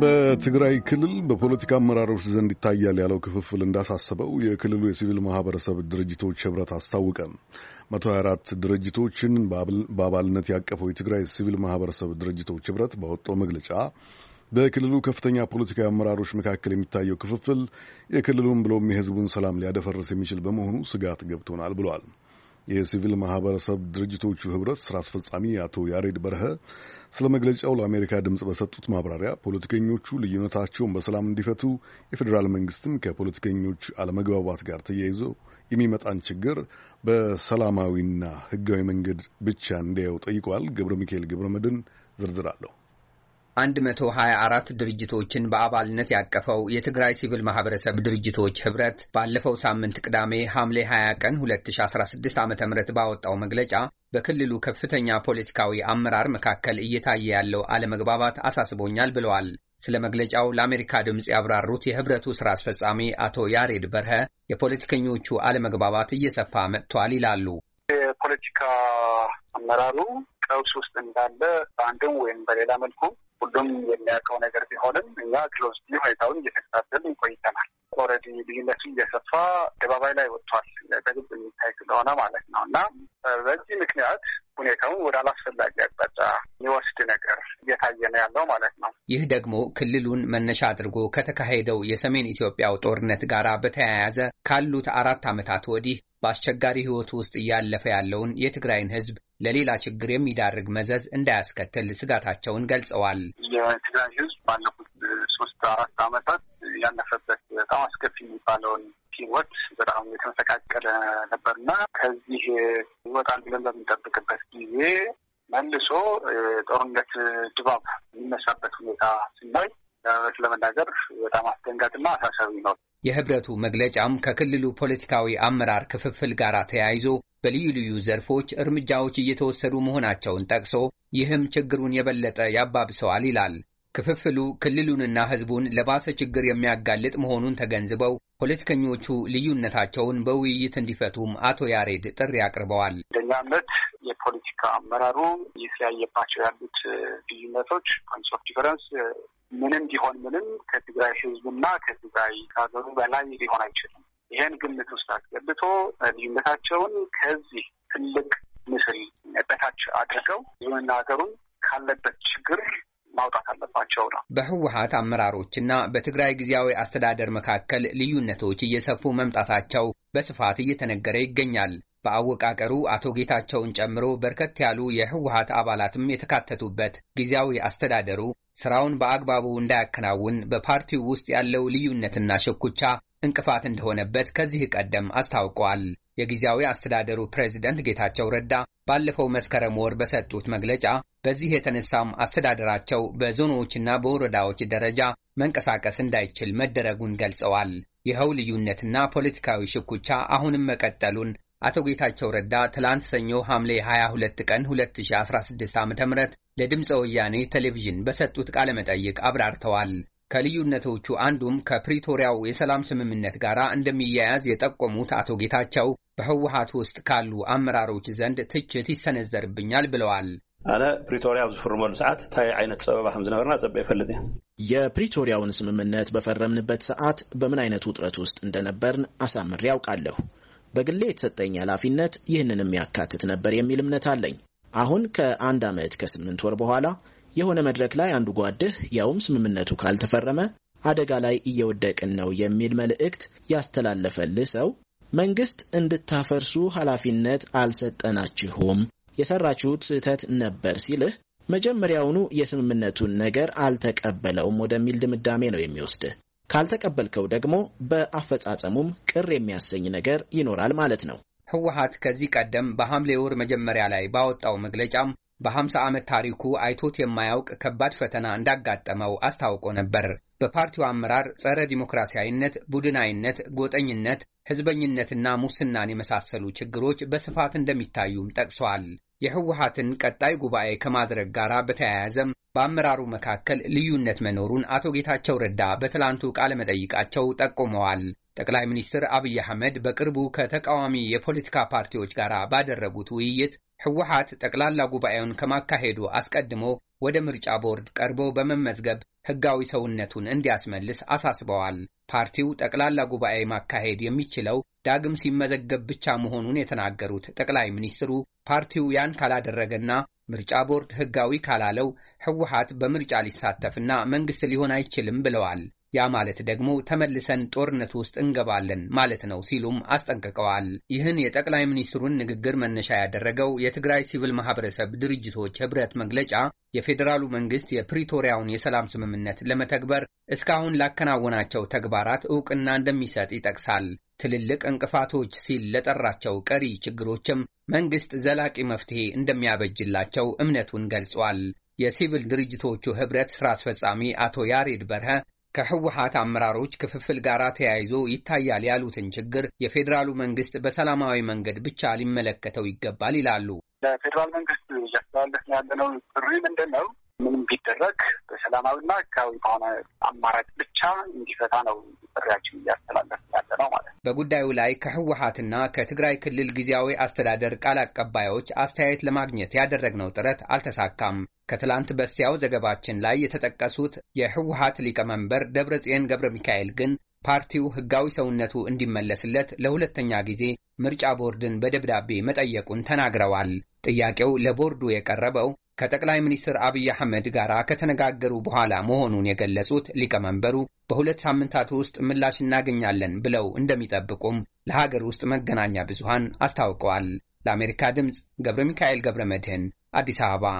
በትግራይ ክልል በፖለቲካ አመራሮች ዘንድ ይታያል ያለው ክፍፍል እንዳሳሰበው የክልሉ የሲቪል ማህበረሰብ ድርጅቶች ህብረት አስታወቀ። 124 ድርጅቶችን በአባልነት ያቀፈው የትግራይ ሲቪል ማህበረሰብ ድርጅቶች ህብረት ባወጣው መግለጫ በክልሉ ከፍተኛ ፖለቲካዊ አመራሮች መካከል የሚታየው ክፍፍል የክልሉን ብሎም የህዝቡን ሰላም ሊያደፈርስ የሚችል በመሆኑ ስጋት ገብቶናል ብሏል። የሲቪል ማህበረሰብ ድርጅቶቹ ህብረት ስራ አስፈጻሚ አቶ ያሬድ በረሀ ስለ መግለጫው ለአሜሪካ ድምፅ በሰጡት ማብራሪያ ፖለቲከኞቹ ልዩነታቸውን በሰላም እንዲፈቱ የፌዴራል መንግስትም ከፖለቲከኞች አለመግባባት ጋር ተያይዞ የሚመጣን ችግር በሰላማዊና ህጋዊ መንገድ ብቻ እንዲያየው ጠይቋል። ገብረ ሚካኤል ገብረ መድን ዝርዝር አለሁ 124 ድርጅቶችን በአባልነት ያቀፈው የትግራይ ሲቪል ማህበረሰብ ድርጅቶች ህብረት ባለፈው ሳምንት ቅዳሜ ሐምሌ 20 ቀን 2016 ዓ ም ባወጣው መግለጫ በክልሉ ከፍተኛ ፖለቲካዊ አመራር መካከል እየታየ ያለው አለመግባባት አሳስቦኛል ብለዋል። ስለ መግለጫው ለአሜሪካ ድምፅ ያብራሩት የህብረቱ ሥራ አስፈጻሚ አቶ ያሬድ በርሀ የፖለቲከኞቹ አለመግባባት እየሰፋ መጥቷል ይላሉ። የፖለቲካ አመራሩ ቀውስ ውስጥ እንዳለ በአንድም ወይም በሌላ መልኩ ሁሉም የሚያውቀው ነገር ቢሆንም እኛ ክሎዝሊ ሁኔታውን እየተከታተልን ቆይተናል። ኦልሬዲ ልዩነቱ እየሰፋ አደባባይ ላይ ወጥቷል፣ በግልጽ የሚታይ ስለሆነ ማለት ነው እና በዚህ ምክንያት ሁኔታውን ወደ አላስፈላጊ አቅጣጫ የሚወስድ ነገር ያለው ማለት ነው። ይህ ደግሞ ክልሉን መነሻ አድርጎ ከተካሄደው የሰሜን ኢትዮጵያው ጦርነት ጋር በተያያዘ ካሉት አራት ዓመታት ወዲህ በአስቸጋሪ ሕይወት ውስጥ እያለፈ ያለውን የትግራይን ሕዝብ ለሌላ ችግር የሚዳርግ መዘዝ እንዳያስከትል ስጋታቸውን ገልጸዋል። የትግራይ ሕዝብ ባለፉት ሶስት አራት ዓመታት ያለፈበት በጣም አስከፊ የሚባለውን ሕይወት በጣም የተመሰቃቀለ ነበርና ከዚህ ይወጣል ብለን በምንጠብቅበት ጊዜ መልሶ ጦርነት ድባብ የሚነሳበት ሁኔታ ስናይ እውነት ለመናገር በጣም አስደንጋጭና አሳሳቢ ነው። የህብረቱ መግለጫም ከክልሉ ፖለቲካዊ አመራር ክፍፍል ጋር ተያይዞ በልዩ ልዩ ዘርፎች እርምጃዎች እየተወሰዱ መሆናቸውን ጠቅሶ ይህም ችግሩን የበለጠ ያባብሰዋል ይላል። ክፍፍሉ ክልሉንና ህዝቡን ለባሰ ችግር የሚያጋልጥ መሆኑን ተገንዝበው ፖለቲከኞቹ ልዩነታቸውን በውይይት እንዲፈቱም አቶ ያሬድ ጥሪ አቅርበዋል። እንደኛ እምነት የፖለቲካ አመራሩ የተለያየባቸው ያሉት ልዩነቶች ፖይንትስ ኦፍ ዲፈረንስ ምንም ቢሆን ምንም ከትግራይ ና ከትግራይ ከሀገሩ በላይ ሊሆን አይችልም። ይህን ግምት ውስጥ አስገብቶ ልዩነታቸውን ከዚህ ትልቅ ምስል በታች አድርገው ይሁንና ሀገሩን ካለበት ችግር ማውጣት አለባቸው ነው። በህወሀት አመራሮችና በትግራይ ጊዜያዊ አስተዳደር መካከል ልዩነቶች እየሰፉ መምጣታቸው በስፋት እየተነገረ ይገኛል። በአወቃቀሩ አቶ ጌታቸውን ጨምሮ በርከት ያሉ የህወሀት አባላትም የተካተቱበት ጊዜያዊ አስተዳደሩ ስራውን በአግባቡ እንዳያከናውን በፓርቲው ውስጥ ያለው ልዩነትና ሽኩቻ እንቅፋት እንደሆነበት ከዚህ ቀደም አስታውቋል። የጊዜያዊ አስተዳደሩ ፕሬዚደንት ጌታቸው ረዳ ባለፈው መስከረም ወር በሰጡት መግለጫ በዚህ የተነሳም አስተዳደራቸው በዞኖችና በወረዳዎች ደረጃ መንቀሳቀስ እንዳይችል መደረጉን ገልጸዋል። ይኸው ልዩነትና ፖለቲካዊ ሽኩቻ አሁንም መቀጠሉን አቶ ጌታቸው ረዳ ትላንት ሰኞ ሐምሌ 22 ቀን 2016 ዓ ም ለድምፀ ወያኔ ቴሌቪዥን በሰጡት ቃለ መጠይቅ አብራርተዋል። ከልዩነቶቹ አንዱም ከፕሪቶሪያው የሰላም ስምምነት ጋር እንደሚያያዝ የጠቆሙት አቶ ጌታቸው በህወሀት ውስጥ ካሉ አመራሮች ዘንድ ትችት ይሰነዘርብኛል ብለዋል። ኣነ ፕሪቶሪያ ኣብ ዝፍርመሉ ሰዓት እንታይ ዓይነት ፀበባ ከም ዝነበርና ፀበ ይፈልጥ እየ የፕሪቶሪያውን ስምምነት በፈረምንበት ሰዓት በምን አይነት ውጥረት ውስጥ እንደነበርን አሳምሬ ያውቃለሁ። በግሌ የተሰጠኝ ኃላፊነት ይህንን የሚያካትት ነበር የሚል እምነት አለኝ። አሁን ከአንድ ዓመት ከስምንት ወር በኋላ የሆነ መድረክ ላይ አንዱ ጓድህ ያውም ስምምነቱ ካልተፈረመ አደጋ ላይ እየወደቅን ነው የሚል መልእክት ያስተላለፈልህ ሰው መንግስት እንድታፈርሱ ኃላፊነት አልሰጠናችሁም፣ የሰራችሁት ስህተት ነበር ሲልህ መጀመሪያውኑ የስምምነቱን ነገር አልተቀበለውም ወደሚል ድምዳሜ ነው የሚወስድህ። ካልተቀበልከው ደግሞ በአፈጻጸሙም ቅር የሚያሰኝ ነገር ይኖራል ማለት ነው። ህወሀት ከዚህ ቀደም በሐምሌ ወር መጀመሪያ ላይ ባወጣው መግለጫም በ50 ዓመት ታሪኩ አይቶት የማያውቅ ከባድ ፈተና እንዳጋጠመው አስታውቆ ነበር። በፓርቲው አመራር ጸረ ዲሞክራሲያዊነት፣ ቡድናዊነት፣ ጎጠኝነት፣ ህዝበኝነትና ሙስናን የመሳሰሉ ችግሮች በስፋት እንደሚታዩም ጠቅሷል። የህወሓትን ቀጣይ ጉባኤ ከማድረግ ጋር በተያያዘም በአመራሩ መካከል ልዩነት መኖሩን አቶ ጌታቸው ረዳ በትላንቱ ቃለመጠይቃቸው ጠቁመዋል። ጠቅላይ ሚኒስትር አብይ አህመድ በቅርቡ ከተቃዋሚ የፖለቲካ ፓርቲዎች ጋር ባደረጉት ውይይት ህወሓት ጠቅላላ ጉባኤውን ከማካሄዱ አስቀድሞ ወደ ምርጫ ቦርድ ቀርቦ በመመዝገብ ህጋዊ ሰውነቱን እንዲያስመልስ አሳስበዋል። ፓርቲው ጠቅላላ ጉባኤ ማካሄድ የሚችለው ዳግም ሲመዘገብ ብቻ መሆኑን የተናገሩት ጠቅላይ ሚኒስትሩ ፓርቲው ያን ካላደረገና ምርጫ ቦርድ ህጋዊ ካላለው ህወሓት በምርጫ ሊሳተፍና መንግስት ሊሆን አይችልም ብለዋል። ያ ማለት ደግሞ ተመልሰን ጦርነት ውስጥ እንገባለን ማለት ነው ሲሉም አስጠንቅቀዋል። ይህን የጠቅላይ ሚኒስትሩን ንግግር መነሻ ያደረገው የትግራይ ሲቪል ማህበረሰብ ድርጅቶች ህብረት መግለጫ የፌዴራሉ መንግስት የፕሪቶሪያውን የሰላም ስምምነት ለመተግበር እስካሁን ላከናወናቸው ተግባራት እውቅና እንደሚሰጥ ይጠቅሳል። ትልልቅ እንቅፋቶች ሲል ለጠራቸው ቀሪ ችግሮችም መንግስት ዘላቂ መፍትሄ እንደሚያበጅላቸው እምነቱን ገልጿል። የሲቪል ድርጅቶቹ ህብረት ስራ አስፈጻሚ አቶ ያሬድ በርሀ ከህወሀት አመራሮች ክፍፍል ጋር ተያይዞ ይታያል ያሉትን ችግር የፌዴራሉ መንግስት በሰላማዊ መንገድ ብቻ ሊመለከተው ይገባል ይላሉ። ለፌዴራል መንግስት እያስተላለፍን ያለነው ጥሪ ምንድን ነው? ምንም ቢደረግ በሰላማዊና ህጋዊ በሆነ አማራጭ ብቻ እንዲፈታ ነው ጥሪያችን እያስተላለፍ ያለ ነው ማለት ነው። በጉዳዩ ላይ ከህወሀትና ከትግራይ ክልል ጊዜያዊ አስተዳደር ቃል አቀባዮች አስተያየት ለማግኘት ያደረግነው ጥረት አልተሳካም። ከትላንት በስቲያው ዘገባችን ላይ የተጠቀሱት የህወሀት ሊቀመንበር ደብረጽዮን ገብረ ሚካኤል ግን ፓርቲው ህጋዊ ሰውነቱ እንዲመለስለት ለሁለተኛ ጊዜ ምርጫ ቦርድን በደብዳቤ መጠየቁን ተናግረዋል። ጥያቄው ለቦርዱ የቀረበው ከጠቅላይ ሚኒስትር አብይ አህመድ ጋር ከተነጋገሩ በኋላ መሆኑን የገለጹት ሊቀመንበሩ በሁለት ሳምንታት ውስጥ ምላሽ እናገኛለን ብለው እንደሚጠብቁም ለሀገር ውስጥ መገናኛ ብዙሃን አስታውቀዋል። ለአሜሪካ ድምፅ ገብረ ሚካኤል ገብረ መድህን አዲስ አበባ